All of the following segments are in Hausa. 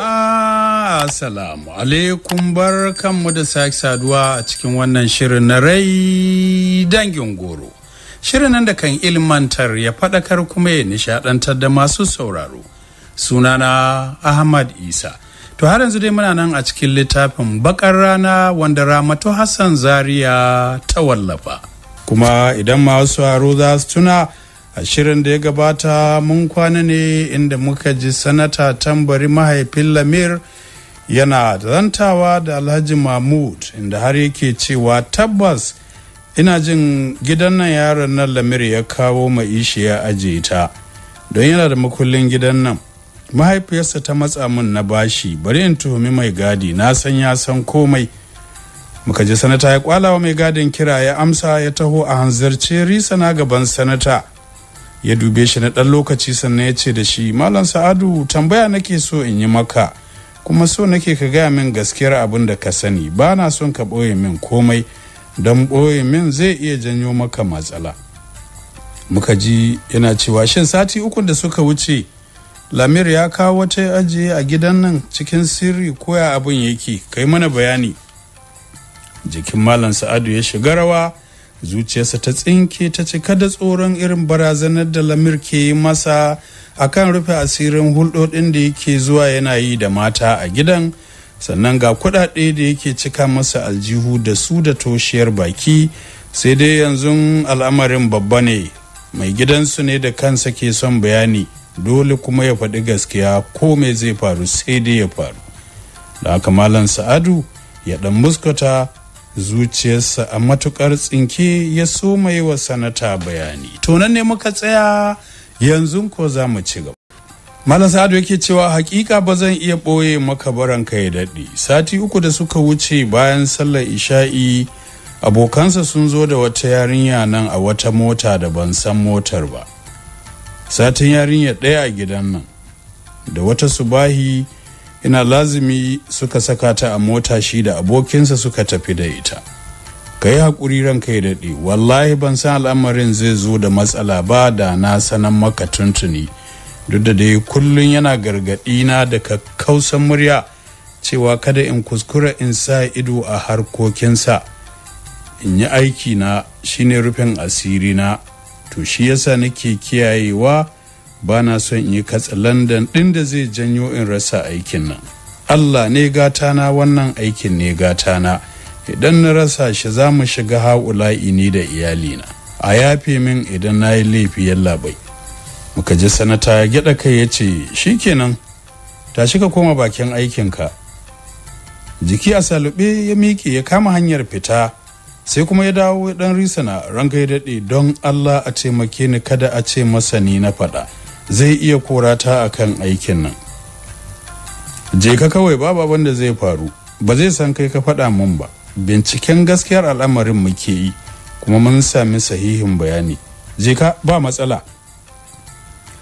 salamu alaikum bar kanmu da sake saduwa a cikin wannan shirin na rai dangin goro. Shirin nan da kan ilmantar ya faɗakar kuma ya nishaɗantar da masu sauraro. Sunana Ahmad Isa. To har yanzu dai muna nan a cikin littafin bakar rana wanda Ramatu Hassan Zaria ta wallafa. Kuma idan masu haro za su tuna a shirin da ya gabata mun kwana ne inda muka ji sanata tambari mahaifin lamir yana zantawa da alhaji mahmud inda har yake cewa tabbas ina jin gidan nan yaron nan lamir ya kawo ma'ishi ya ajiye ta don yana da makullin gidan nan mahaifiyarsa ta matsa min na bashi bari in tuhumi mai gadi na san ya san komai muka ji sanata ya kwalawa mai gadin kira ya amsa ya taho a hanzarce na gaban sanata ya dube shi na ɗan lokaci sannan ya ce da shi malam sa'adu tambaya nake so in yi maka kuma so nake ka gaya min gaskiyar abin da ka sani ba na son ka ɓoye min komai don ɓoye min zai iya janyo maka matsala muka ji yana cewa shin sati uku da suka wuce lamir ya kawo wata ajiye a gidan nan cikin sirri koya abin yake kai mana bayani jikin malam sa'adu ya shiga rawa zuciyarsa ta tsinke ta cika da tsoron irin barazanar da lamir ke yi masa kan rufe asirin hulɗoɗin da yake zuwa yana yi da mata a gidan sannan ga kuɗaɗe da yake cika masa aljihu da su da toshiyar baki sai dai yanzu al'amarin babba ne mai gidansu ne da kansa ke son bayani dole kuma ya faɗi gaskiya ko mai zai faru sai dai ya faru da haka malam sa'adu ya ɗan muskata zuciyarsa a matukar tsinke ya so mai wa sanata bayani to nan ne muka tsaya yanzu ko za mu ci gaba malam sa'adu yake cewa hakika ba zan iya ɓoye maka baran ya daɗe sati uku da suka wuce bayan sallar isha'i abokansa sun zo da wata yarinya nan a wata mota da ban san motar ba satin yarinya ɗaya a gidan nan da wata subahi ina lazimi suka saka ta a mota shi da abokinsa suka tafi da ita ka yi haƙuri ranka ya daɗe wallahi ban san al'amarin zai zo da matsala ba da na sanan maka tuntuni duk da dai kullum yana gargaɗi na da kakkausan murya cewa kada in kuskura in sa ido a harkokinsa in yi aiki na shine rufin asiri na to shi yasa nake kiyayewa ba na son in yi katsa london ɗin da zai janyo in rasa aikin nan allah ne gata na wannan aikin ne gata na idan na rasa shi za mu shiga haƙula ni da iyalina a yafe min idan na yi laifi labai muka ji sanata ya gyaɗa kai ya ce shikenan tashi ka koma bakin aikinka jiki a salube ya miƙe ya kama hanyar fita sai kuma ya dawo dan risana ranga ya daɗe don allah a taimake ni kada a ce masani na faɗa zai iya korata a kan aikin nan je ka kawai babu abin da zai faru ba zai san kai ka faɗa mun ba binciken gaskiyar al'amarin muke yi kuma mun sami sahihin bayani je ka ba matsala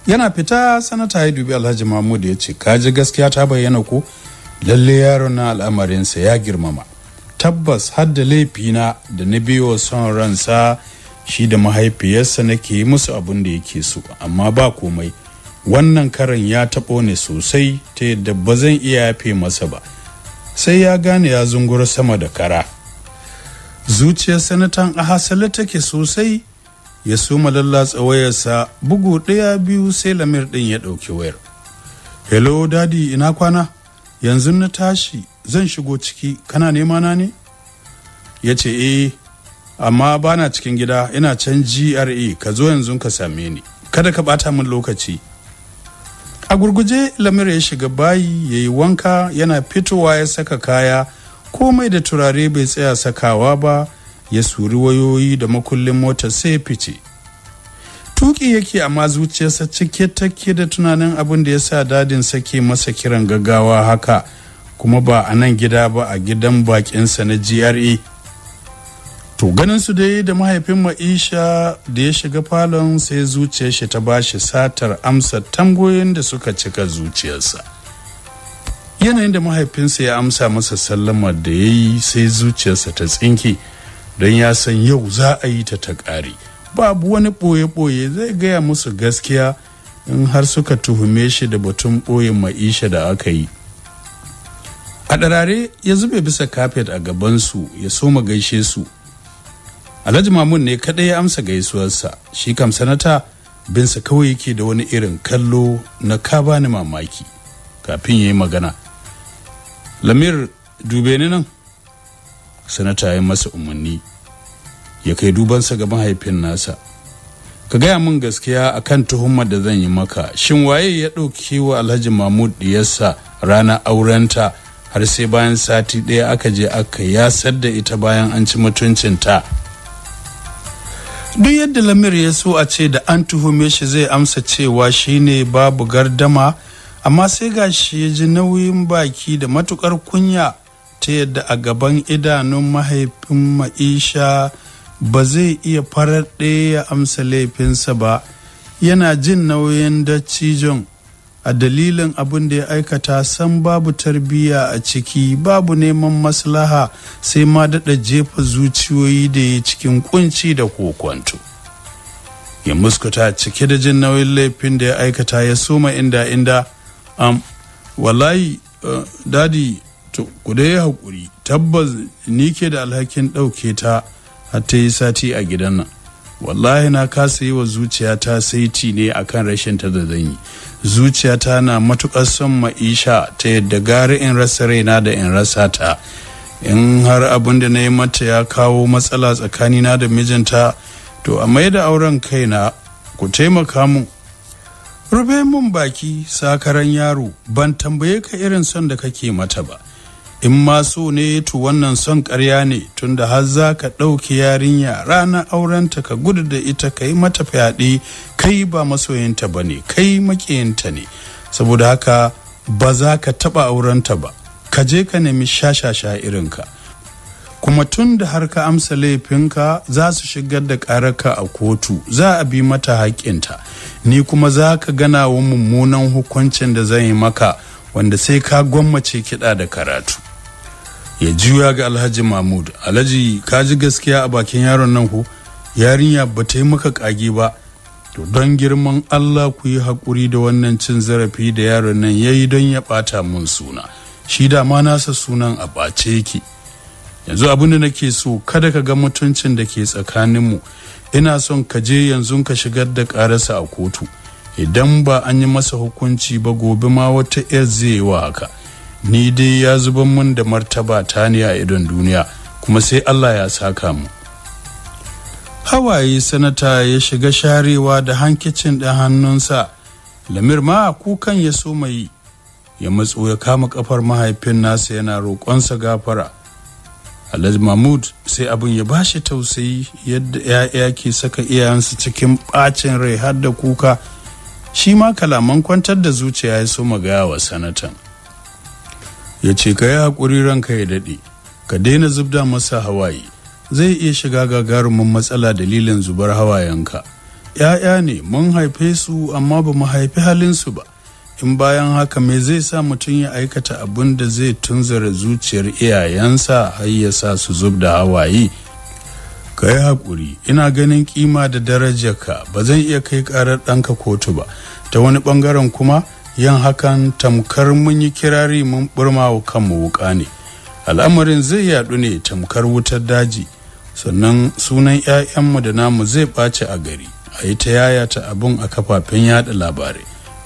yana fita sanata ya dubi alhaji mahmud ya ce kaji gaskiya ta bayyana ko lalle yaron na al'amarinsa ya girmama tabbas har da laifina da na biyo son ransa shi da mahaifiyarsa nake yi musu abin da yake so amma ba komai wannan karan ya taɓo ne sosai ta yadda ba zan iya yafe masa ba sai ya gane ya zungura sama da kara zuciyar sanatan a hasali take sosai ya suma malalla tsawayarsa bugu ɗaya biyu sai lamir ɗin ya ɗauki wayar hello dadi ina kwana yanzu na tashi zan shigo ciki kana nema na ne ya ce eh amma bana cikin gida ina can GRE ka zo yanzu ka same ni kada ka bata min lokaci a gurguje lamir ya shiga bayi ya yi wanka yana fitowa ya saka kaya komai da turare bai tsaya sakawa ba ya suri wayoyi da makullin mota sai fice tuki yake amma zuciyarsa cike take da tunanin abin da ya sa dadin sake masa kiran gaggawa haka kuma ba a nan gida ba a gidan bakinsa na GRE to ganin su dai da mahaifin ma'isha da ya shiga falon sai zuciyar shi ta bashi satar amsa tambayoyin da suka cika zuciyarsa yanayin da mahaifinsa ya amsa masa sallama da ya yi sai zuciyarsa ta tsinke don ya san yau za a yi ta ta ƙare babu wani ɓoye-ɓoye zai gaya musu gaskiya in har suka tuhume shi da batun ɓoye ma'isha da aka yi a ɗarare ya zube bisa kafet a gabansu ya soma gaishe su alhaji mamun ne kaɗai ya amsa gaisuwarsa shi kam sanata binsa kawai yake da wani irin kallo na ka bani mamaki kafin yayi magana lamir dube ni nan sanata ya masa umarni ya kai dubansa ga mahaifin nasa ka gaya min gaskiya akan tuhumar da zan yi maka shin waye ya ɗauki wa alhaji mahmud diyarsa rana aurenta har sai bayan sati ɗaya aka je aka yasar da ita bayan an ci mutuncinta duk yadda lamir ya so a ce da an tuhume shi zai amsa cewa shine babu gardama amma sai ga shi ya ji nauyin baki da matukar kunya ta yadda a gaban idanun mahaifin ma'isha ba zai iya farar ya amsa laifinsa ba yana jin nauyin dattijon a dalilin abin da ya aikata san babu tarbiyya a ciki babu neman maslaha sai ma daɗa jefa zuciyoyi da ya cikin kunci da kokonto ya muskuta cike da jin nauyin laifin da ya aikata ya soma inda inda am wallahi eh, dadi to ku dai haƙuri tabbas ni ke da alhakin ɗauke ta hatta yi sati a gidan nan wallahi na kasa yi wa zuciyata saiti ne akan rashin ta da zan yi zuciyata na matukar son ma'isha ta yadda gari in rasa raina da in rasa ta in har abin da na yi mata ya kawo matsala tsakanina da mijinta to a mai da auren kaina ku taimaka mu rufe mun baki sakaran yaro ban tambaye ka irin son da kake mata ba in ma so ne to wannan son karya ne tunda har za ka ɗauki yarinya rana aurenta ka gudu da ita ka yi mata fyaɗe kai ba masoyinta ba ne kai makiyinta ne saboda haka ba za ka taɓa aurenta ba ka je ka nemi shashasha irinka kuma tun da har ka amsa laifinka za su shigar da ƙararka a kotu za a bi mata haƙƙinta ni kuma za ka gana wa mummunan hukuncin da zan yi maka wanda sai ka gwammace kiɗa da karatu ya juya ga alhaji mahmud alhaji ka ji gaskiya a bakin yaron nan ku yarinya ba ta yi maka kage ba to don girman allah ku yi haƙuri da wannan cin zarafi da yaron nan ya yi don ya ɓata mun suna shi da ma nasa sunan a ɓace yake yanzu abin da nake so kada ka ga mutuncin da ke tsakanin mu ina son ka je yanzu ka shigar da ƙararsa a kotu idan ba an yi masa hukunci ba gobe ma wata 'yar zai yi wa haka ni dai ya zuban mun da martaba ta ne a idon duniya kuma sai allah ya saka mu hawaye sanata ya shiga sharewa da hankicin ɗan hannunsa lamir ma kukan ya so mai ya matso ya kama kafar mahaifin nasa yana roƙonsa gafara alhaji mahmud sai abin ya bashi tausayi yadda 'ya'ya ke saka iyayensu cikin ɓacin rai har da kuka shi ma kalaman kwantar da zuciya ya so magaya wa sanatan ya ce ka yi haƙuri ranka ya daɗe ka daina zubda masa hawaye zai iya shiga gagarumin matsala dalilin zubar hawayenka ‘ya'ya ne mun haife su amma ba mu haifi halinsu ba in bayan haka me zai sa mutum ya aikata abin da zai tunzura zuciyar iyayensa har ya sa su zub da hawaye ka yi haƙuri ina ganin kima da darajarka ba zan iya kai ƙarar ɗanka kotu ba ta wani ɓangaren kuma yan hakan tamkar mun yi kirari mun burma wa kanmu wuka ne al'amarin zai yadu ne tamkar wutar daji sannan sunan 'ya'yanmu da namu zai ɓace a gari a yi ta yaya ta abun a kafafen yada labarai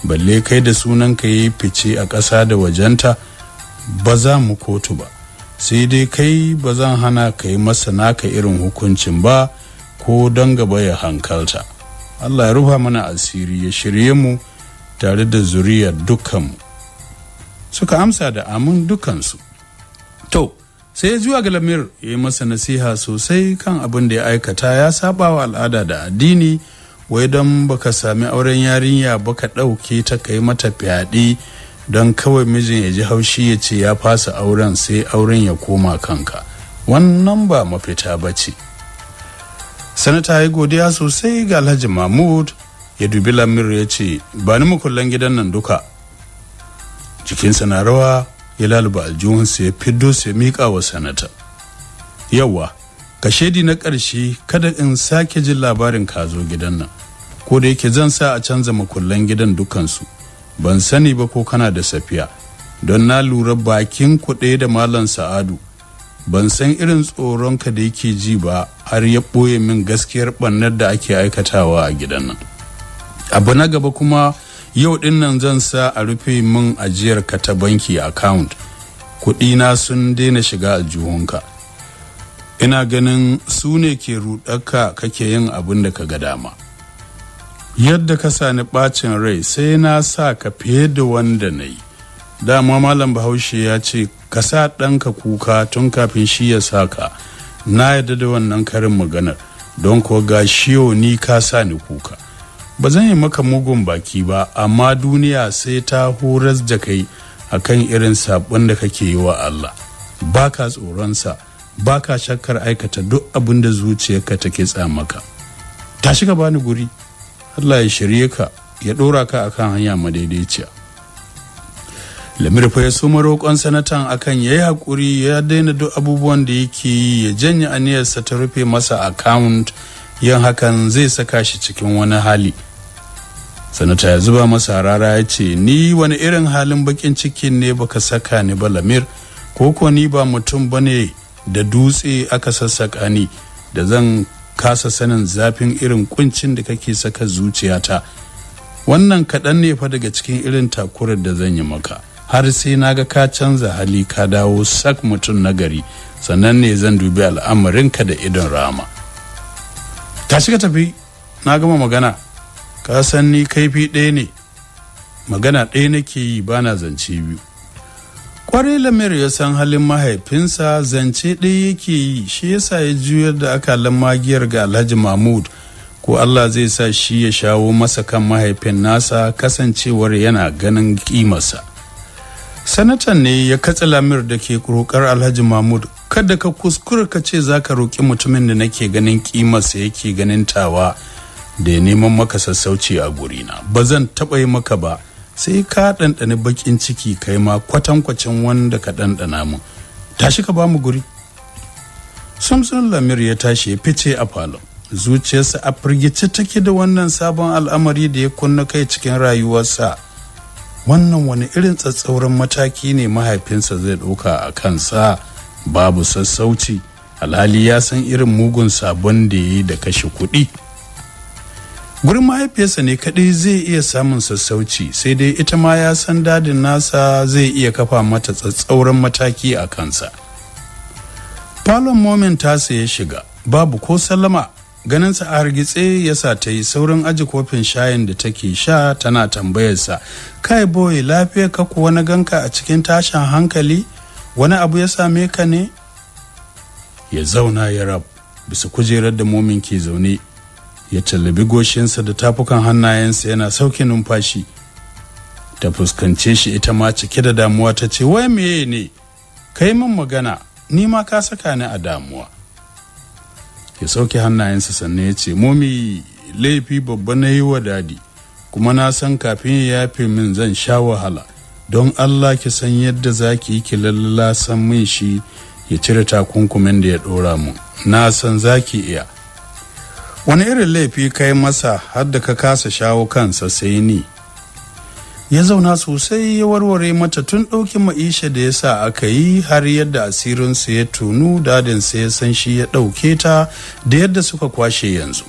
balle kai da sunan ka yi fice a ƙasa da wajenta ba za mu kotu ba sai dai kai ba zan hana ka yi masa naka irin hukuncin ba ko don gaba ya hankalta allah ya rufa mana asiri ya shirye mu tare da zuriya dukkanmu suka amsa da amin dukansu to sai ya zuwa ga ya yi masa nasiha sosai kan abin da ya aikata ya saba wa al'ada da addini wai don baka sami auren yarinya baka ɗauke ta kai mata fyaɗe don kawai mijin ya ji haushi ya ce ya fasa auren sai auren ya koma kanka wannan ba mafita ba ce sanata ya godiya sosai ga alhaji mahmud ya dubi lamiru ya ce ba ni mukullan gidan nan duka jikinsa na rawa ya laluba aljihunsa ya fiddo su ya miƙa wa sanata yawwa ka shaidi na ƙarshe kada in sake jin labarin ka zo gidan nan ko da yake zan sa a canza makullan gidan dukansu ban sani ba ko kana da safiya don na lura bakin kuɗe da malam sa'adu ban san irin tsoronka da yake ji ba har ya ɓoye min gaskiyar ɓannar da ake aikatawa a gidan nan abu na gaba kuma yau din zan sa a rufe min ajiyar ka ta banki account na sun daina shiga a juhunka ina ganin su ne ke rudaka kake yin abin da ka ga dama yadda ka sani bacin rai sai na sa ka fiye da wanda na yi dama malam bahaushe ya ce ka sa ɗanka kuka tun kafin shi ya sa ka na yadda da wannan karin maganar don ko ga shiyo ni ka sa ni kuka ba zan yi maka mugun baki ba amma duniya sai ta horar da kai kan irin sabon da kake yi wa Allah ba baka tsoronsa ka shakkar aikata duk abin da zuciyarka take tsamaka tashi ka bani guri Allah ya shirye ka ya dora ka a kan hanya madaidaiciya lamir fa ya suma roƙon sanatan akan ya yi haƙuri ya daina duk abubuwan da yake yi ya janye aniyarsa ta rufe masa akawunt yin hakan zai saka shi cikin wani hali sanata ya zuba masa rara ya ce ni wani irin halin bakin cikin ne baka saka ni ba lamir ko ko ni ba mutum ba ne da dutse aka sassaka ni da zan kasa sanin zafin irin kuncin da kake saka zuciyata wannan kaɗan ne fa daga cikin irin takurar da zan yi maka har sai na ga ka canza hali ka dawo sak mutum na gari sannan ne zan dubi al'amarinka da idon rama tashi ka tafi na gama magana ka san ni kaifi ɗaya ne magana ɗaya nake yi ba na zance biyu kwarai lamir ya san halin mahaifinsa zance ɗaya yake yi shi yasa ya juyar da akalan magiyar ga alhaji mahmud ko allah zai sa shi ya shawo masa kan mahaifin nasa kasancewar yana ganin kimarsa sanatan ne ya katse lamir da ke roƙar alhaji mahmud kada ka kuskura ka ce za ka roƙi mutumin da nake ganin kimarsa yake ganin tawa da ya neman maka sassauci a gurina ba zan taɓa yi maka ba sai ka ɗanɗani baƙin ciki kai ma kwatankwacin wanda ka ɗanɗana mu tashi ka ba mu guri samson lamir ya tashi ya fice a falon zuciyarsa a firgice take da wannan sabon al'amari da ya kunna kai cikin rayuwarsa wannan wani irin tsatsauran mataki ne mahaifinsa zai ɗauka a kansa babu sassauci alhali ya san irin mugun sabon da ya yi da kashe kuɗi gurin mahaifiyarsa ne kaɗai zai iya samun sassauci sai dai ita ma ya san dadin nasa zai iya kafa mata tsatsauran mataki a kansa falon momin ta ya shiga babu ko sallama ganinsa a hargitse ya sa ta yi saurin aji kofin shayin da take sha tana tambayarsa kai boy lafiya ka kuwa na ganka a cikin tashin hankali wani abu ya same ka ne ya zauna ya rab bisa kujerar da momin ke zaune ya tallabi goshinsa da tafukan hannayensa yana sauke numfashi ta fuskance shi ita ma cike da damuwa ta ce wai meye ne kai min magana ni ma ka saka ni a damuwa ya sauke hannayensa sannan ya ce momi laifi babba na yi wa dadi kuma na san kafin ya yafe min zan sha wahala don allah ki san yadda za ki yi ki lallasan min shi ya cire takunkumin da ya ɗora mu na san za ki iya wani irin laifi kai masa har da ka kasa shawo kansa sai ni ya zauna sosai ya warware mata tun ɗauki ma'isha da ya sa aka yi har yadda asirin su ya tunu dadinsa ya san shi ya ɗauke ta da yadda suka kwashe yanzu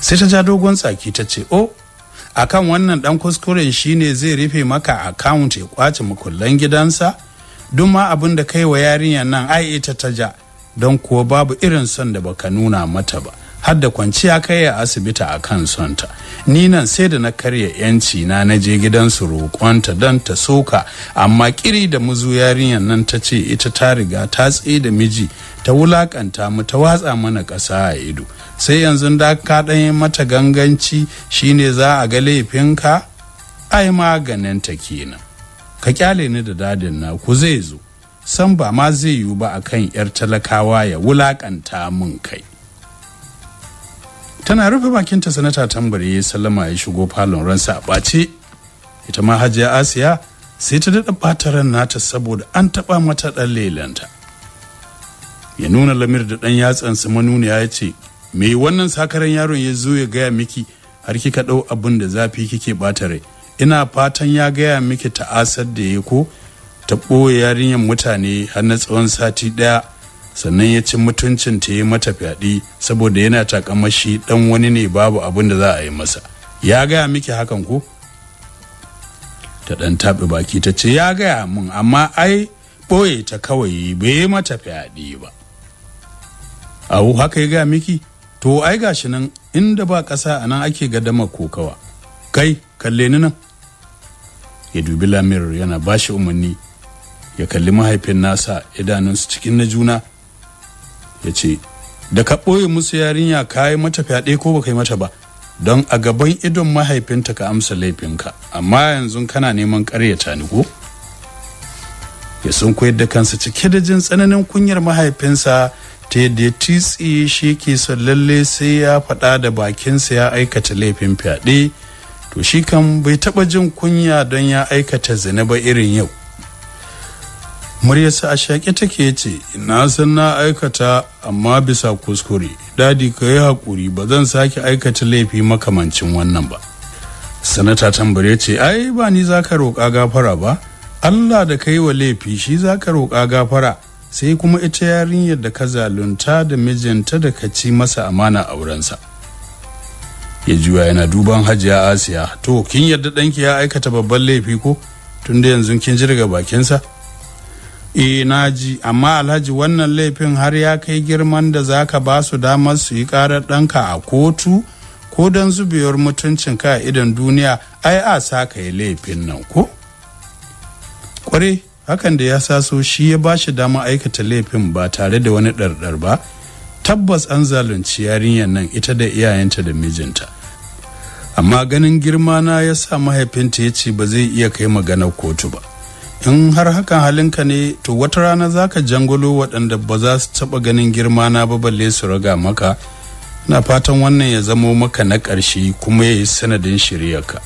sai ta ja dogon tsaki ta ce o oh, akan wannan dan kuskuren shine zai rufe maka akawunt ya kwace makullan gidansa duk ma abin da kai wa yarinya nan ai ita ta ja don kuwa babu irin son da baka nuna mata ba har da kwanciya kai a asibiti a kan sonta ni nan sai da na karya yanci na na je gidansu roƙonta don ta soka amma kiri da muzu yarinyar nan ta ce ita ta riga ta tsaye da miji ta wulaƙanta mu ta watsa mana ƙasa a ido sai yanzu da ka yi mata ganganci shine za a ga laifinka ai maganin ta kenan ka kyale ni da dadin na ku zai zo san ba ma zai yiwu ba akan yar talakawa ya wulaƙanta mun kai tana rufe bakinta sanata tambari sallama ya shigo falon ransa a ɓace ita ma hajiya asiya sai ta daɗa ɓata ran nata saboda an taɓa mata ɗan lelanta ya nuna lamir da ɗan yatsansa manuniya ya ce me wannan sakaran yaron ya zo ya gaya miki har kika ɗau abin da zafi kike ɓata rai ina fatan ya gaya miki ta asar da ya ko ta ɓoye yarinyar mutane har na tsawon sati ɗaya sannan ya ci mutuncin ta yi mata fyaɗe saboda yana takamashi ɗan wani ne babu abin da za a yi masa ya gaya miki hakan ko ta dan taɓi baki ta ce ya gaya min amma ai ɓoye ta kawai bai yi mata fyaɗe ba abu haka ya gaya miki to ai gashi nan inda ba ƙasa a nan ake dama kokawa kai kalle ni nan ya dubi lamir yana ba shi umarni ya kalli mahaifin nasa idanunsu cikin na juna ya ce da ka ɓoye musu yarinya ka yi mata fyaɗe ko ba ka yi mata ba don a gaban idon mahaifinta ka amsa laifinka amma yanzu kana neman ƙaryata ni ko ya sun koyar da kansa cike da jin tsananin kunyar mahaifinsa ta yadda ya titsi shi ke son lalle sai ya faɗa da bakinsa ya aikata laifin fyaɗe to shi kan bai taɓa jin kunya don ya aikata zina ba irin yau muryarsa a shaƙe take ce na san na aikata amma bisa kuskure dadi ka yi haƙuri ba zan sake aikata laifi makamancin wannan ba sanata tambare ce ai ba ni za ka roƙa gafara ba allah da ka yi wa laifi shi za ka roƙa gafara sai kuma ita yarinyar da ka zalunta da mijinta da ka ci masa amana aurensa ya juya yana duban hajiya asiya to kin yarda ɗanki ya aikata babban laifi ko tunda yanzu kin jirga bakinsa e na ji amma alhaji wannan laifin har ya kai girman da za ka ba su damar su yi karar ɗanka a kotu ko don zubewar mutuncin ka idan duniya ai a sa ka yi laifin nan ko kware hakan da ya saso shi ya ba shi damar aikata laifin ba tare da wani ɗarɗar ba tabbas an zalunci yarinyar nan ita da iyayenta da mijinta amma ganin girma na ya sa mahaifinta ya ce ba zai iya kai maganar kotu ba in har hakan halinka ne to wata rana za ka jangolo waɗanda ba za su taɓa ganin girma na ba balle su raga maka na fatan wannan ya zamo maka na ƙarshe kuma ya yi sanadin shiryarka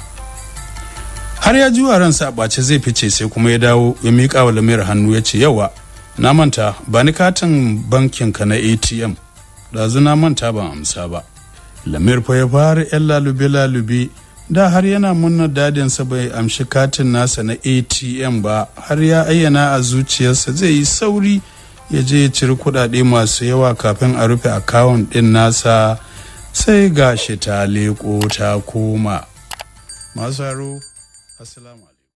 har ya juwa ransa a ɓace zai fice sai kuma ya dawo ya miƙa wa lamiyar hannu ya ce yawa na manta ba ni katin bankinka na atm ɗazu na manta ban amsa ba lamir fa ya fara yan lalube-lalube da har yana munna dadinsa bai amshi katin nasa na atm ba har ya ayyana a zuciyarsa zai yi sauri ya je ya ciri kudade masu yawa kafin a rufe akawun din nasa sai gashi ta leko ta koma masu assalamu